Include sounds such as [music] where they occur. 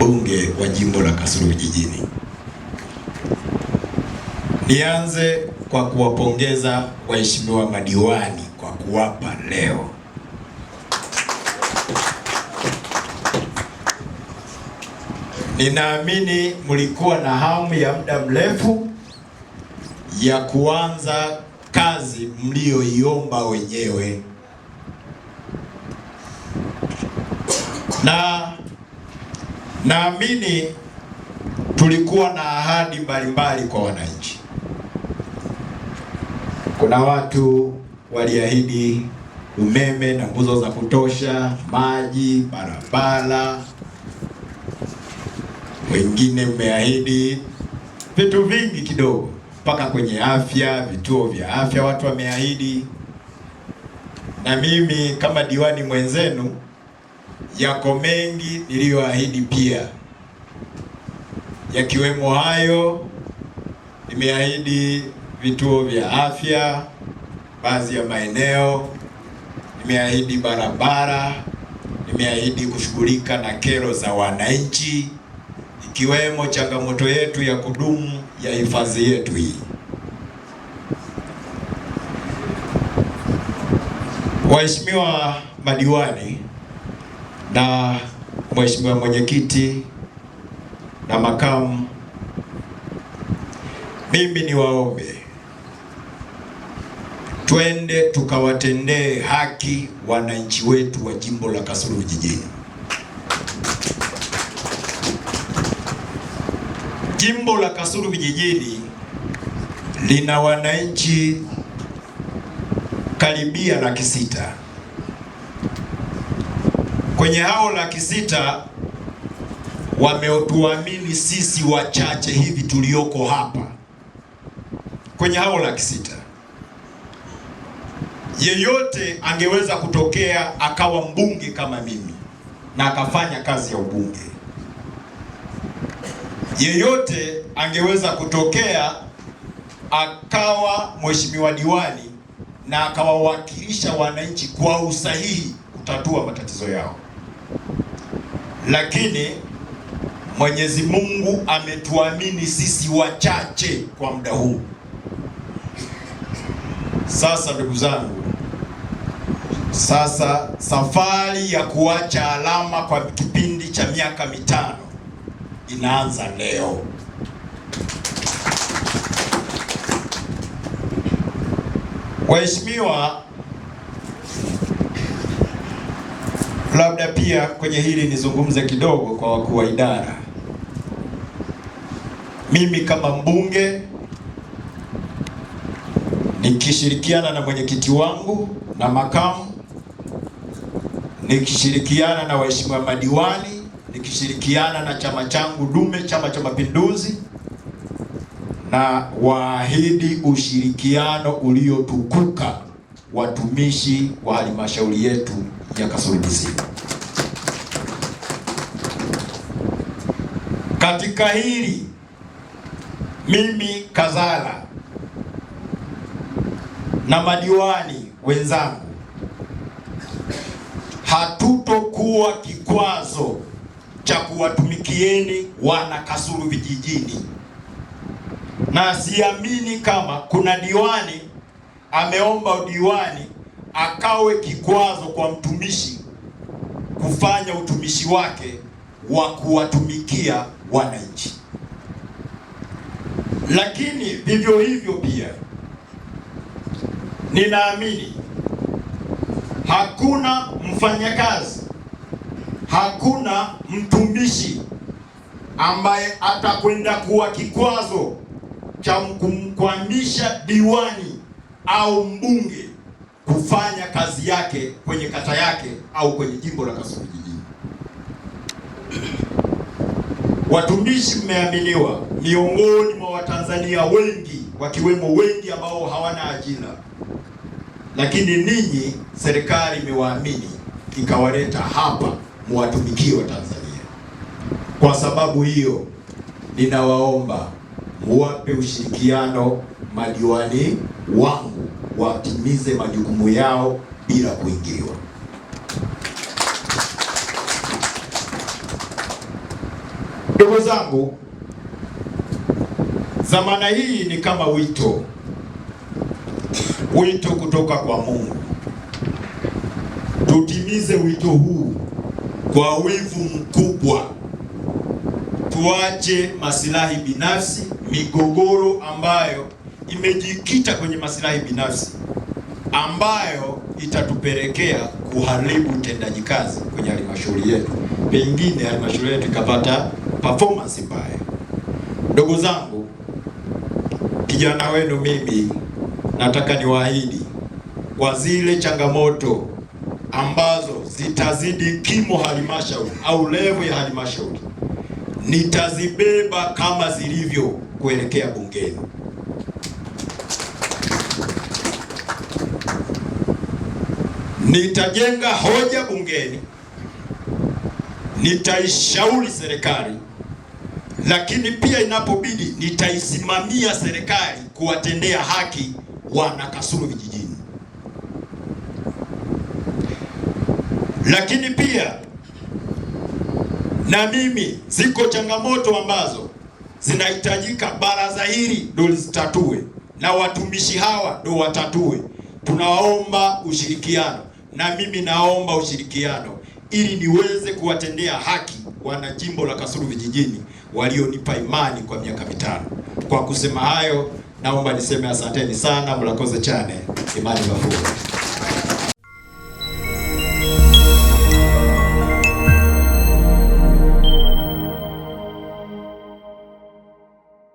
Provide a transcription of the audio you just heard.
mbunge wa jimbo la Kasulu Vijijini. Nianze kwa kuwapongeza waheshimiwa madiwani kwa kuwapa leo. Ninaamini mlikuwa na hamu ya muda mrefu ya kuanza kazi mlioiomba wenyewe na Naamini tulikuwa na ahadi mbalimbali kwa wananchi. Kuna watu waliahidi umeme na nguzo za kutosha, maji, barabara, wengine mmeahidi vitu vingi kidogo, mpaka kwenye afya, vituo vya afya watu wameahidi, na mimi kama diwani mwenzenu yako mengi niliyoahidi, pia yakiwemo hayo. Nimeahidi vituo vya afya baadhi ya maeneo, nimeahidi barabara, nimeahidi kushughulika na kero za wananchi, ikiwemo changamoto yetu ya kudumu ya hifadhi yetu hii. Waheshimiwa madiwani na mheshimiwa mwenyekiti na makamu, mimi ni waombe twende tukawatendee haki wananchi wetu wa jimbo la Kasulu Vijijini. Jimbo la Kasulu Vijijini lina wananchi karibia laki sita kwenye hao laki sita wametuamini sisi wachache hivi tulioko hapa. Kwenye hao laki sita yeyote angeweza kutokea akawa mbunge kama mimi na akafanya kazi ya ubunge. Yeyote angeweza kutokea akawa mheshimiwa diwani na akawawakilisha wananchi kwa usahihi kutatua matatizo yao lakini Mwenyezi Mungu ametuamini sisi wachache kwa muda huu. Sasa ndugu zangu, sasa safari ya kuacha alama kwa kipindi cha miaka mitano inaanza leo. Waheshimiwa Labda pia kwenye hili nizungumze kidogo kwa wakuu wa idara. Mimi kama mbunge nikishirikiana na mwenyekiti wangu na makamu, nikishirikiana na waheshimiwa madiwani, nikishirikiana na chama changu dume, Chama cha Mapinduzi, na waahidi ushirikiano uliotukuka watumishi wa halmashauri yetu yakasuluhisika. Katika hili mimi Kazala na madiwani wenzangu hatutokuwa kikwazo cha kuwatumikieni wana Kasulu vijijini, na siamini kama kuna diwani ameomba udiwani akawe kikwazo kwa mtumishi kufanya utumishi wake wa kuwatumikia wananchi. Lakini vivyo hivyo pia ninaamini hakuna mfanyakazi, hakuna mtumishi ambaye atakwenda kuwa kikwazo cha kumkwamisha diwani au mbunge kufanya kazi yake kwenye kata yake au kwenye jimbo la Kasuku Vijijini. [clears throat] Watumishi mmeaminiwa miongoni mwa Watanzania wengi, wakiwemo wengi ambao hawana ajira, lakini ninyi serikali imewaamini ikawaleta hapa muwatumikie Watanzania. Kwa sababu hiyo, ninawaomba muwape ushirikiano madiwani wangu watimize majukumu yao bila kuingiliwa. Ndugu zangu, zamana hii ni kama wito, wito kutoka kwa Mungu. Tutimize wito huu kwa wivu mkubwa, tuache masilahi binafsi, migogoro ambayo imejikita kwenye masilahi binafsi ambayo itatupelekea kuharibu utendaji kazi kwenye halmashauri yetu, pengine halmashauri yetu ikapata performance mbaya. Ndugu zangu, kijana wenu mimi nataka niwaahidi kwa zile changamoto ambazo zitazidi kimo halmashauri au levo ya halmashauri nitazibeba kama zilivyo kuelekea bungeni. nitajenga hoja bungeni, nitaishauri serikali, lakini pia inapobidi nitaisimamia serikali kuwatendea haki wana Kasulu vijijini. Lakini pia na mimi, ziko changamoto ambazo zinahitajika baraza hili ndo lizitatue na watumishi hawa ndo watatue. Tunaomba ushirikiano na mimi naomba ushirikiano ili niweze kuwatendea haki wana jimbo la Kasulu vijijini walionipa imani kwa miaka mitano. Kwa kusema hayo, naomba niseme asanteni sana. Mlakoze chane imani mafuo